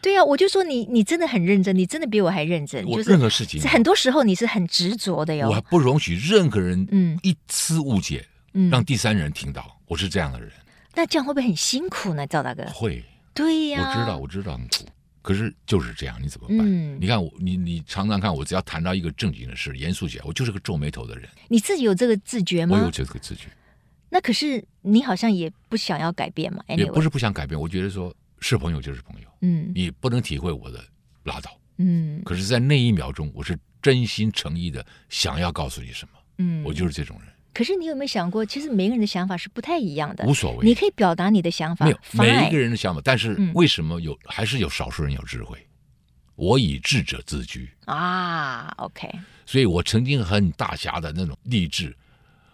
Speaker 1: 對啊，我就說你，你真的很認真，你真的比我還認真。我、就是、任何事情，很多時候你是很執着的喲。我還
Speaker 2: 不容許任何人嗯一絲誤解，嗯，讓第三人聽到，我是這樣的人、
Speaker 1: 嗯。那這樣會不會很辛苦呢，趙大哥？會，對呀、啊。我知道，
Speaker 2: 我知道很苦，可是就是這樣，你怎麼辦？嗯、你看我，你你常常看我，只要談到一個正經的事，嚴肅起來，我就是個皺眉頭的人。
Speaker 1: 你自己有這個自覺嗎？我有這個自覺。那可是你好像也不想要改變嘛？Anyway、也不是
Speaker 2: 不想改變，我覺得說。是朋友就是朋
Speaker 1: 友，嗯，你
Speaker 2: 不能體會我的，拉倒，嗯。可是，在那一秒鐘，我是真心誠意的想要告訴你什麼，
Speaker 1: 嗯，我就是這種人。可是，你有沒有想過，其實每個人的想法是不太一樣的。無所謂，你可以表達你的想法，沒有。Fine、每一個
Speaker 2: 人的想法，但是為什麼有，嗯，還是有少數人有智慧？我以智者自居
Speaker 1: 啊，OK。
Speaker 2: 所以我曾經很大俠的那種勵志，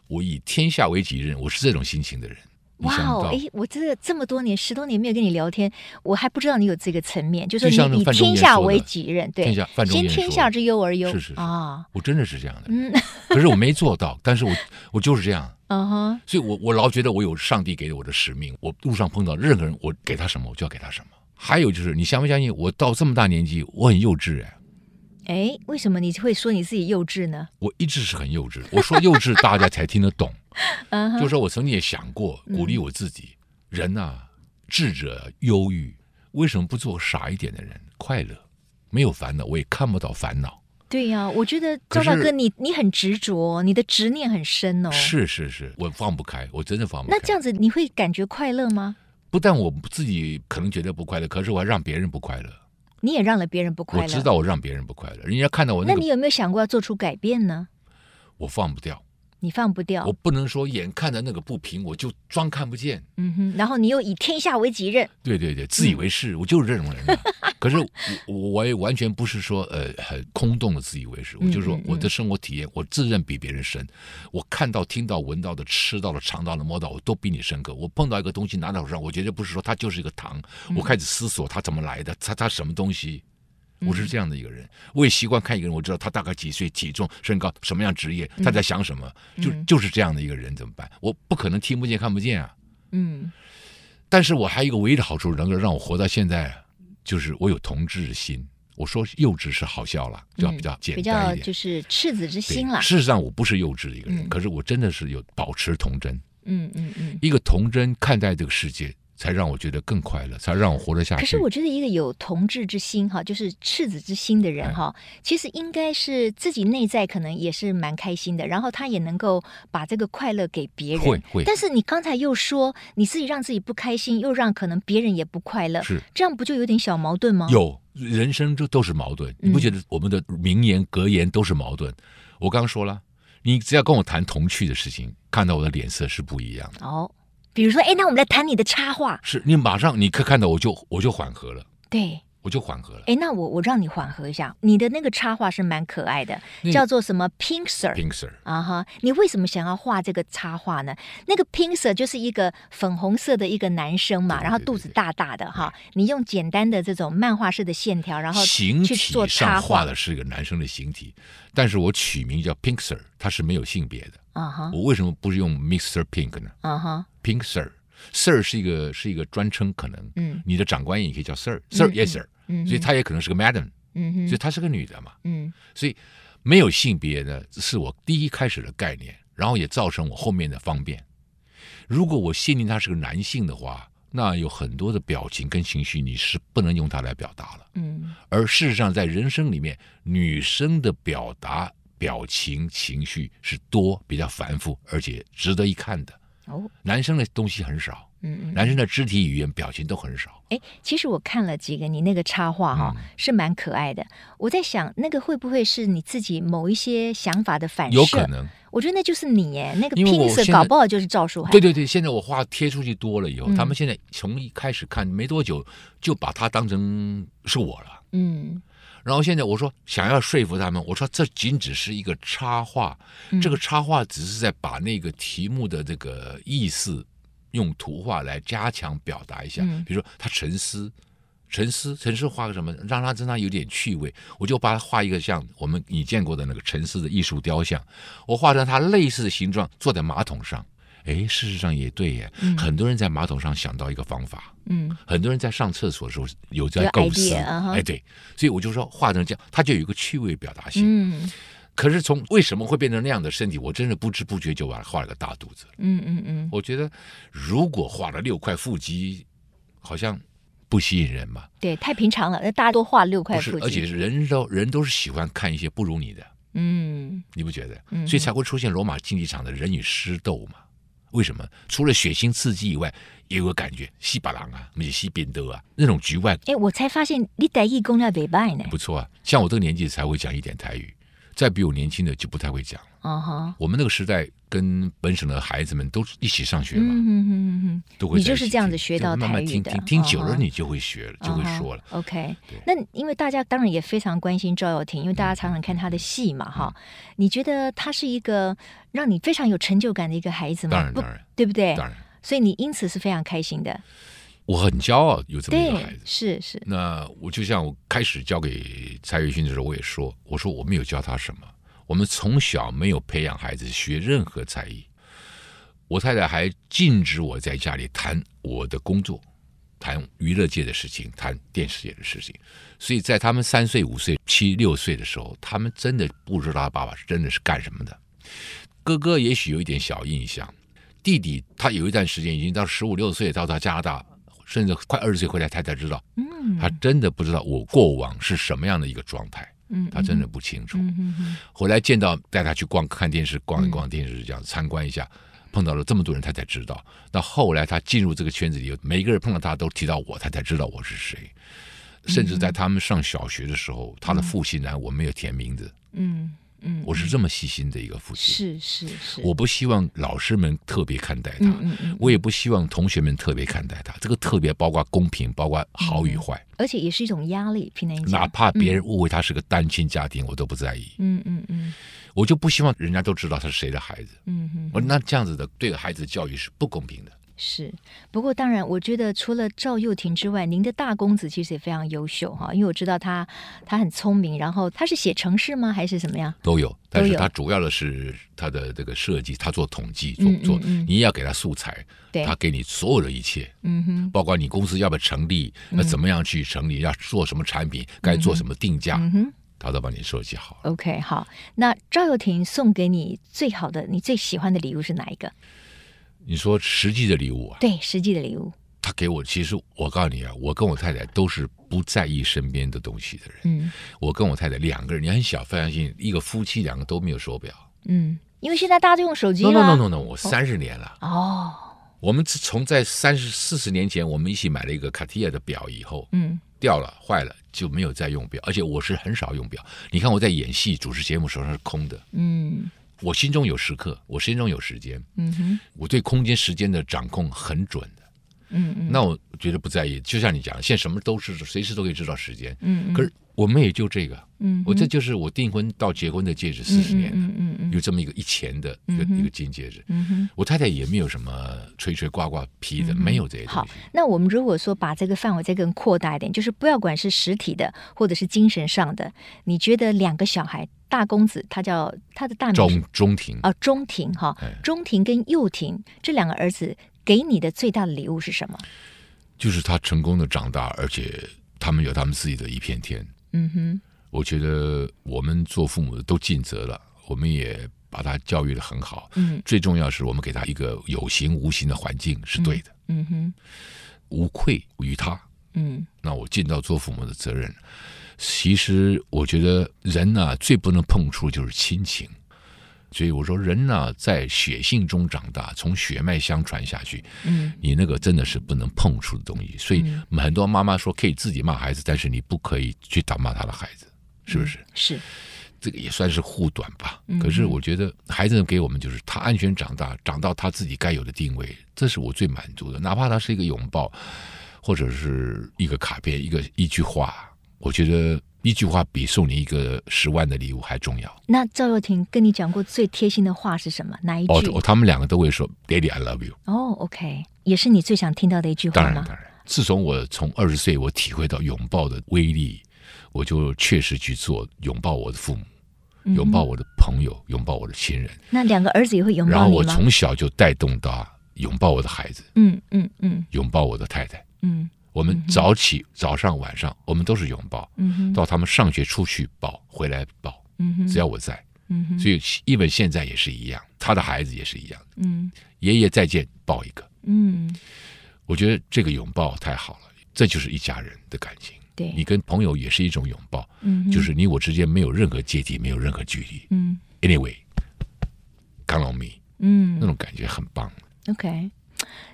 Speaker 2: 我以天下為己任，我是這種心情的人。哇哦！哎，
Speaker 1: 我真的這麼多年、十多年沒有跟你聊天，我還不知道你有這個層面，就是你天下為己任，對，先天下之憂而憂，憂而憂哦、是是啊、
Speaker 2: 嗯，我真的是這樣的，嗯，可是我沒做到， 但是我我就是這樣，
Speaker 3: 啊、嗯、哈，
Speaker 2: 所以我我老覺得我有上帝給我的使命，我路上碰到任何人，我給他什麼，我就要給他什麼。還有就是，你相不相信，我到這麼大年紀，我很幼稚哎，
Speaker 1: 哎，為什麼你會說你自己幼稚呢？
Speaker 2: 我一直是很幼稚，我說幼稚，大家才聽得懂。
Speaker 3: Uh -huh. 就是說
Speaker 2: 我曾經也想過鼓勵我自己，嗯、人吶、啊，智者憂鬱，為什麼不做傻一點的人，快樂，沒有煩惱，我也看不到煩惱。
Speaker 1: 對呀、啊，我覺得趙大哥你，你你很執着、哦，你的執念很深哦。
Speaker 2: 是是是，我放不開，我真的放不開。那這樣
Speaker 1: 子你會感覺快樂嗎？
Speaker 2: 不但我自己可能覺得不快樂，可是我還讓別人不快樂。
Speaker 1: 你也讓了別人不快樂。我知道我
Speaker 2: 讓別人不快樂，人家看到我那樣。那你有
Speaker 1: 沒有想過要做出改變呢？
Speaker 2: 我放不掉。
Speaker 1: 你放不掉，我
Speaker 2: 不能說眼看着那個不平，我就裝看不見。
Speaker 1: 嗯哼，然後你又以天下為己任，
Speaker 2: 對對對，自以為是，嗯、我就是這種人、啊。可是我我也完全不是說呃很空洞的自以為是，我就是說我的生活體驗嗯嗯嗯，我自認比別人深。我看到、聽到、聞到的、吃到了、嘗到的、摸到，我都比你深刻。我碰到一個東西拿到手上，我覺得不是說它就是一個糖，我開始思索它怎麼來的，它它什麼東西。我是這樣的一個人、嗯，我也習慣看一個人，我知道他大概幾歲、體重、身高、什麼樣職業，他在想什麼，嗯、就就是這樣的一個人怎麼辦？我不可能聽不見、看不見啊。嗯，但是我還有一個唯一的好處，能夠讓我活到現在，就是我有童稚心。我說幼稚是好笑了，就要比較簡單一點、嗯，比較
Speaker 1: 就是赤子之心了。事實
Speaker 2: 上，我不是幼稚的一個人、嗯，可是我真的是有保持童真。嗯嗯嗯，一個童真看待這個世界。才讓我覺得更快樂，才讓我活得下去。可是我
Speaker 1: 覺得一個有同志之心哈，就是赤子之心的人哈、哎，其實應該是自己內在可能也是蠻開心的，然後他也能夠把這個快樂給別人。會會。但是你剛才又說你自己讓自己不開心，又讓可能別人也不快樂，是這樣不就有點小矛盾嗎？有，
Speaker 2: 人生就都是矛盾。你不覺得我們的名言格言都是矛盾？嗯、我剛剛說了，你只要跟我談童趣的事情，看到我的臉色是不一樣
Speaker 1: 的。哦。比如說，哎，那我們來談你的插畫。
Speaker 2: 是你馬上，你可看到我就我就緩和了。對，我就緩和了。
Speaker 1: 哎，那我我讓你緩和一下。你的那個插畫是蠻可愛的，叫做什麼 Pink Sir, Pink Sir？Pink Sir 啊哈、uh-huh。你為什麼想要畫這個插畫呢？那個 Pink Sir 就是一個粉紅色的一個男生嘛，對對對對，然後肚子大大的哈、uh-huh。你用簡單的這種漫畫式的線條，然後形去做插畫，形體上畫的
Speaker 2: 是一個男生的形體，但是我取名叫 Pink Sir，他是沒有性別的啊哈、uh-huh。我為什麼不是用 Mr. Pink 呢？啊哈、uh-huh。Pink sir，sir sir 是一個是一個專稱，可能、嗯、你的長官也可以叫 sir，sir sir yes sir，、嗯嗯、所以他也可能是個 madam，、嗯嗯、所以他是個女的嘛，嗯、所以沒有性別呢，是我第一開始的概念，然後也造成我後面的方便。如果我限定他是個男性的話，那有很多的表情跟情緒你是不能用它來表達了，嗯，而事實上在人生裡面，女生的表達、表情、情緒是多、比較繁複，而且值得一看的。哦，男生的東西很少，嗯嗯，男生的肢體語言、表情都很少。
Speaker 1: 哎，其實我看了幾個你那個插畫哈、哦嗯，是蠻可愛的。我在想，那個會不會是你自己某一些想法的反射？有可能，我覺得那就是你耶，那個 PinkSir 搞不好就是趙樹海。對對
Speaker 2: 對，現在我畫貼出去多了以後、嗯，他們現在從一開始看沒多久，就把他當成是我了。嗯，然後現在我說想要說服他們，我說這僅只是一個插畫，
Speaker 3: 嗯，這個
Speaker 2: 插畫只是在把那個題目的這個意思用圖畫來加強表達一下。嗯，比如說他沉思，沉思，沉思，畫個什麼，讓他真的有點趣味，我就把他畫一個像我們你見過的那個沉思的藝術雕像，我畫成他類似的形狀，坐在馬桶上。哎，事實上也對耶、嗯，很多人在馬桶上想到一個方法，嗯，很多人在上廁所的時候有在構思，哎、uh -huh，對，所以我就說畫成這樣，它就有一個趣味表達性，嗯，可是從為什麼會變成那樣的身體，我真是不知不覺就把它畫了個大肚子，嗯嗯嗯。我覺得如果畫了六塊腹肌，好像不吸引人嘛，
Speaker 1: 對，太平常了，那大家都畫六塊腹肌，而且
Speaker 2: 人都是人都是喜歡看一些不如你的，
Speaker 1: 嗯，
Speaker 2: 你不覺得？所以才會出現羅馬競技場的人與獅鬥嘛。為什麼？除了血腥刺激以外，也有個感覺，西巴郎啊，我們西賓德啊，那種局外。
Speaker 1: 哎、欸，我才發現你台語功力不賴呢。
Speaker 2: 不錯啊，像我這個年紀才會講一點台語。再比我年輕的就不太會講
Speaker 3: 了。哈、uh -huh.，
Speaker 1: 我
Speaker 2: 們那個時代跟本省的孩子們都一起上學嘛，嗯嗯嗯
Speaker 3: 嗯，
Speaker 2: 都會。你就是這樣子學到台語的，慢慢聽、uh -huh. 聽久了你就會學了，uh -huh. 就會說了。
Speaker 3: OK，那
Speaker 1: 因為大家當然也非常關心趙又廷，因為大家常常看他的戲嘛，哈、嗯。你覺得他是一個讓你非常有成就感的一個孩子嗎？當然，當然，不，對不對？當然。所以你因此是非常開心的。
Speaker 2: 我很驕傲有這麼一個孩
Speaker 1: 子，對，是，是。
Speaker 2: 那我就像我開始交給蔡岳勳的時候，我也說，我說我沒有教他什麼，我們從小沒有培養孩子學任何才藝。我太太還禁止我在家裡談我的工作，談娛樂界的事情，談電視界的事情。所以在他們三歲、五歲、七六歲的時候，他們真的不知道他爸爸是真的是幹什麼的。哥哥也許有一點小印象，弟弟他有一段時間已經到十五六歲，到他加拿大。甚至快二十歲回來，他才知道，他真的不知道我過往是什麼樣的一個狀態，他真的不清楚。後來見到帶他去逛看電視，逛一逛電視，這樣參觀一下，碰到了這麼多人，他才知道。到後來他進入這個圈子裡，每個人碰到他都提到我，他才知道我是誰。
Speaker 3: 甚至
Speaker 2: 在他們上小學的時候，他的父親呢，我沒有填名字，嗯。
Speaker 3: 嗯，我是
Speaker 2: 這麼細心的一個父親。是是
Speaker 3: 是，我不
Speaker 2: 希望老師們特別看待他，嗯嗯嗯，我也不希望同學們特別看待他。這個特別包括公平，包括好與壞，嗯、
Speaker 1: 而且也是一種壓力。
Speaker 3: 平常哪怕別人誤
Speaker 2: 會他是個單親家庭，嗯、我都不在意。嗯嗯嗯，我就不希望人家都知道他是誰的孩子。嗯嗯，我說，那這樣子的對孩子的教育是不公平的。是，
Speaker 1: 不過當然，我覺得除了趙又廷之外，您的大公子其實也非常優秀哈，因為我知道他他很聰明，然後他是寫程式嗎，還是什麼呀？
Speaker 2: 都有，但是他主要的是他的這個設計，他做統計，做做、嗯嗯嗯，你要給他素材對，他給你所有的一切，嗯
Speaker 3: 哼，
Speaker 2: 包括你公司要不要成立，那怎麼樣去成立，要做什麼產品，嗯、該做什麼定價，嗯哼，他都幫你設計好。
Speaker 1: OK，好，那趙又廷送給你最好的，你最喜歡的禮物是哪一個？
Speaker 2: 你說實際的禮物啊？
Speaker 1: 對，實際的禮物。
Speaker 2: 他給我，其實我告訴你啊，我跟我太太都是不在意身邊的東西的人。嗯，我跟我太太兩個人，你很小，非常性，一個夫妻兩個都沒有手表。
Speaker 1: 嗯，因為現在大家都用手機了。no no no no no，我三十年了。哦。
Speaker 2: 我們自從在三十四十年前，我們一起買了一個卡地亞的表以後，嗯，掉了壞了就沒有再用表，而且我是很少用表。你看我在演戲、主持節目，手上是空的。嗯。我心中有時刻，我心中有時間，嗯，我對空間時間的掌控很準。嗯， 那我覺得不在意，就像你講，現在什麼都是隨時都可以知道時間。嗯嗯。可是我們也就這個，嗯，我這就是我訂婚到結婚的戒指，四十年，嗯嗯有這麼一個以前的一個一個金戒指。嗯哼，嗯哼。我太太也沒有什麼吹吹颳颳皮的，嗯嗯沒有這些
Speaker 1: 好，那我們如果說把這個範圍再更擴大一點，就是不要管是實體的或者是精神上的，你覺得兩個小孩，大公子他叫他的大名仲仲廷啊、哦，仲廷哈，仲廷跟又廷這兩個兒子。給你的最大的禮物是什麼？
Speaker 2: 就是他成功的長大，而且他們有他們自己的一片天。嗯哼，我覺得我們做父母的都盡責了，我們也把他教育得很好。嗯，最重要是我們給他一個有形無形的環境是對的。
Speaker 3: 嗯哼，
Speaker 2: 無愧於他。
Speaker 3: 嗯，
Speaker 2: 那我盡到做父母的責任。其實我覺得人吶，最不能碰觸就是親情。所以我說，人呢、啊、在血性中長大，從血脈相傳下去，嗯，你那個真的是不能碰觸的東西。所以很多媽媽說可以自己罵孩子，但是你不可以去打罵他的孩子，是不是？是，這個也算是護短吧。可是我覺得孩子給我們就是他安全長大，長到他自己該有的定位，這是我最滿足的。哪怕他是一個擁抱，或者是一個卡片，一個一句話。我覺得一句話比送你一個十萬的禮物還重要。
Speaker 1: 那趙又廷跟你講過最貼心的話是什麼？哪一句？哦、oh,，
Speaker 2: 他們兩個都會說 “Daddy, I love you”、
Speaker 1: oh,。哦，OK，也是你最想聽到的一句話嗎？當然，當
Speaker 2: 然。自從我從二十歲我體會到擁抱的威力，我就確實去做擁抱我的父母，嗯嗯，
Speaker 1: 擁抱我
Speaker 2: 的朋友，擁抱我的親人。
Speaker 1: 那兩個兒子也會擁抱你嗎？然後我從
Speaker 2: 小就帶動到擁抱我的孩子，嗯
Speaker 3: 嗯嗯，
Speaker 2: 擁抱我的太太，嗯。我們早起、早上、晚上，我們都是擁抱。到他們上學出去抱，回來抱。只要我在，所以一本現在也是一樣，他的孩子也是一樣
Speaker 3: 嗯，
Speaker 2: 爺爺再見，抱一個。嗯，我覺得這個擁抱太好了，這就是一家人的感情。對，你跟朋友也是一種擁抱，就是你我之間沒有任何階級，沒有任何距離。嗯，anyway，come on me，嗯，那種感覺很棒。
Speaker 1: OK。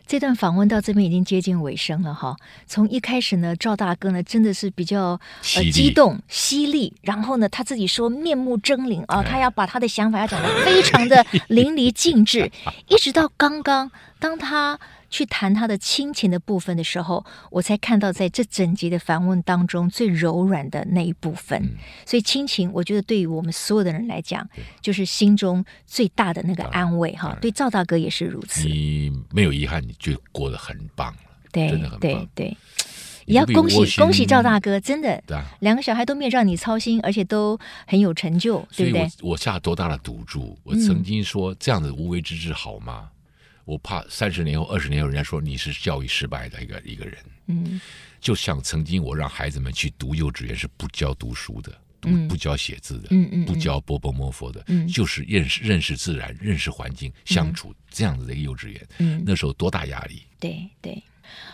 Speaker 1: 這段訪問到這邊已經接近尾聲了哈。從一開始呢，趙大哥呢真的是比較、呃、激動、犀利，然後呢他自己說面目猙獰啊，他要把他的想法要講得非常的淋漓盡致， 一直到剛剛當他。去談他的親情的部分的時候，我才看到在這整集的訪問當中最柔軟的那一部分。嗯、所以親情，我覺得對於我們所有的人來講，就是心中最大的那個安慰哈。對趙大哥也是如此，
Speaker 2: 你沒有遺憾，你就過得很棒了。對，真的很棒。對，對也要恭喜恭喜趙大哥，真的，對
Speaker 1: 兩個小孩都沒有讓你操心，而且都很有成就，對不對？我，
Speaker 2: 我下了多大的賭注，我曾經說、嗯、這樣子無為之治好嗎？我怕三十年後、二十年後，人家說你是教育失敗的一個一個人。
Speaker 3: 嗯，
Speaker 2: 就像曾經我讓孩子們去讀幼稚園，是不教讀書的，不、嗯、不教寫字的，嗯嗯嗯，不教伯伯伯伯《波波摩佛》的，就是認識認識自然、認識環境、相處、嗯、這樣子的一個幼稚園。嗯，那時候多大壓力？嗯、
Speaker 1: 對對，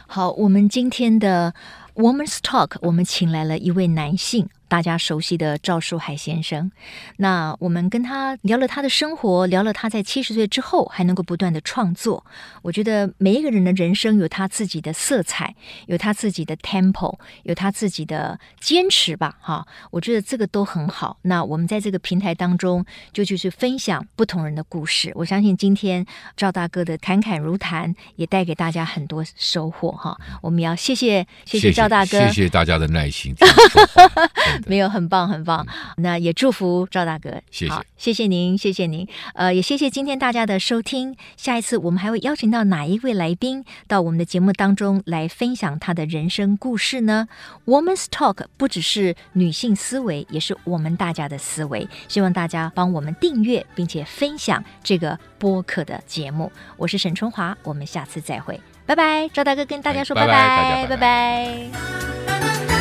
Speaker 1: 好，我們今天的 Woman's Talk，我們請來了一位男性。大家熟悉的趙樹海先生，那我們跟他聊了他的生活，聊了他在七十歲之後還能夠不斷的創作。我覺得每一個人的人生有他自己的色彩，有他自己的 tempo，有他自己的堅持吧，哈。我覺得這個都很好。那我們在這個平台當中就就是分享不同人的故事。我相信今天趙大哥的侃侃如談也帶給大家很多收穫哈。我們要謝謝謝謝趙大哥，謝謝，
Speaker 2: 謝，謝大家的耐心。
Speaker 1: 沒有，很棒，很棒，嗯。那也祝福趙大哥，謝謝，謝謝您，謝謝您。呃，也謝謝今天大家的收聽。下一次我們還會邀請到哪一位來賓到我們的節目當中來分享他的人生故事呢？Woman's Talk 不只是女性思維，也是我們大家的思維。希望大家幫我們訂閱並且分享這個播客的節目。我是沈春華，我們下次再會，拜拜。趙大哥跟大家說拜拜，拜拜。